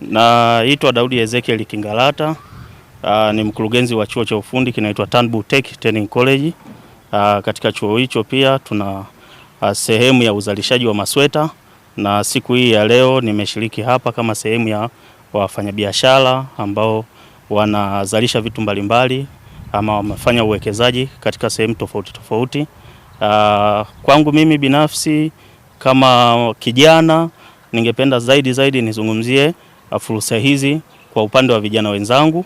Naitwa Daudi Ezekiel Kingalata. Uh, ni mkurugenzi wa chuo cha ufundi kinaitwa Turnbull Tech Training College. Uh, katika chuo hicho pia tuna uh, sehemu ya uzalishaji wa masweta na siku hii ya leo nimeshiriki hapa kama sehemu ya wafanyabiashara ambao wanazalisha vitu mbalimbali ama wamefanya uwekezaji katika sehemu tofauti tofauti. Uh, kwangu mimi binafsi kama kijana ningependa zaidi zaidi nizungumzie Uh, fursa hizi kwa upande wa vijana wenzangu uh,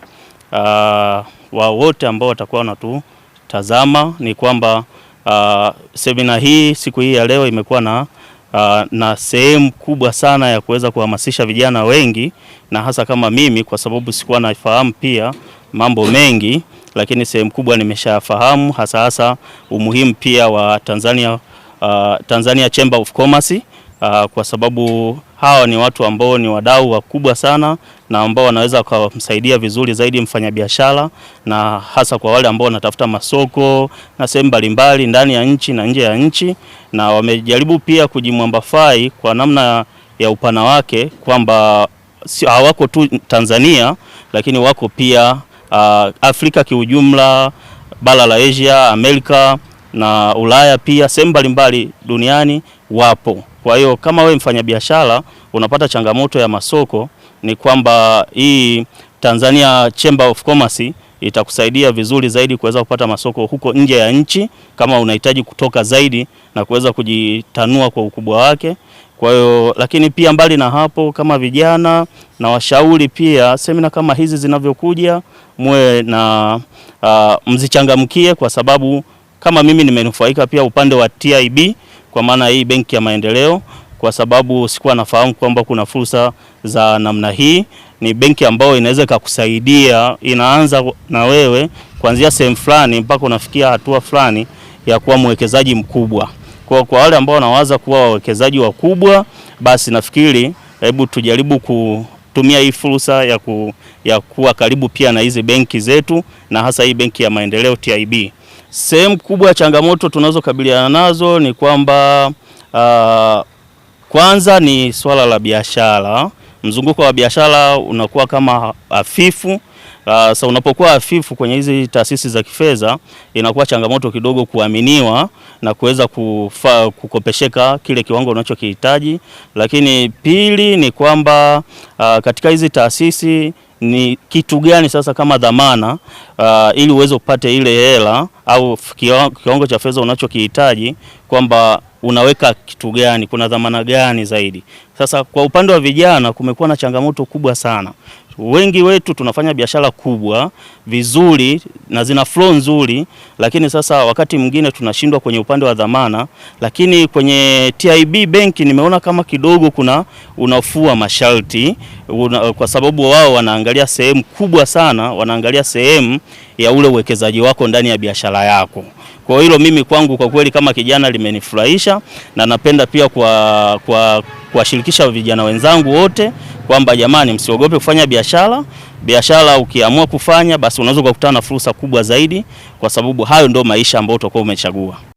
wao wote ambao watakuwa wanatutazama ni kwamba Uh, semina hii siku hii ya leo imekuwa na, uh, na sehemu kubwa sana ya kuweza kuhamasisha vijana wengi na hasa kama mimi, kwa sababu sikuwa naifahamu pia mambo mengi, lakini sehemu kubwa nimeshafahamu hasa hasa umuhimu pia wa Tanzania, uh, Tanzania Chamber of Commerce Ah, kwa sababu hawa ni watu ambao ni wadau wakubwa sana na ambao wanaweza kumsaidia vizuri zaidi mfanyabiashara, na hasa kwa wale ambao wanatafuta masoko na sehemu mbalimbali ndani ya nchi na nje ya nchi, na wamejaribu pia kujimwambafai kwa namna ya upana wake kwamba hawako tu Tanzania, lakini wako pia uh, Afrika kiujumla, bara la Asia, Amerika na Ulaya pia sehemu mbalimbali duniani wapo. Kwa hiyo kama we mfanyabiashara unapata changamoto ya masoko, ni kwamba hii Tanzania Chamber of Commerce itakusaidia vizuri zaidi kuweza kupata masoko huko nje ya nchi, kama unahitaji kutoka zaidi na kuweza kujitanua kwa ukubwa wake. Kwa hiyo lakini pia mbali na hapo, kama vijana na washauri pia, semina kama hizi zinavyokuja muwe na uh, mzichangamkie, kwa sababu kama mimi nimenufaika pia upande wa TIB kwa maana hii benki ya maendeleo, kwa sababu sikuwa nafahamu kwamba kuna fursa za namna hii. Ni benki ambayo inaweza ikakusaidia, inaanza na wewe kuanzia sehemu fulani mpaka unafikia hatua fulani ya kuwa mwekezaji mkubwa. Kwa, kwa wale ambao wanawaza kuwa wawekezaji wakubwa, basi nafikiri hebu tujaribu kutumia hii fursa ya, ku, ya kuwa karibu pia na hizi benki zetu na hasa hii benki ya maendeleo TIB. Sehemu kubwa ya changamoto tunazokabiliana nazo ni kwamba uh, kwanza ni swala la biashara. Mzunguko wa biashara unakuwa kama hafifu. Sasa ah, unapokuwa hafifu kwenye hizi taasisi za kifedha, inakuwa changamoto kidogo kuaminiwa na kuweza kukopesheka kile kiwango unachokihitaji. Lakini pili ni kwamba uh, katika hizi taasisi ni kitu gani sasa kama dhamana uh, ili uweze upate ile hela au kiwango cha fedha unachokihitaji, kwamba unaweka kitu gani, kuna dhamana gani zaidi. Sasa kwa upande wa vijana kumekuwa na changamoto kubwa sana. Wengi wetu tunafanya biashara kubwa vizuri na zina flow nzuri, lakini sasa wakati mwingine tunashindwa kwenye upande wa dhamana, lakini kwenye TIB benki nimeona kama kidogo kuna unafua masharti una, kwa sababu wao wanaangalia sehemu kubwa sana, wanaangalia sehemu ya ule uwekezaji wako ndani ya biashara yako. Kwa hilo mimi kwangu kwa kweli kama kijana limenifurahisha na napenda pia kwa, kwa kuwashirikisha vijana wenzangu wote kwamba jamani, msiogope kufanya biashara. Biashara ukiamua kufanya, basi unaweza ukakutana na fursa kubwa zaidi, kwa sababu hayo ndio maisha ambayo utakuwa umechagua.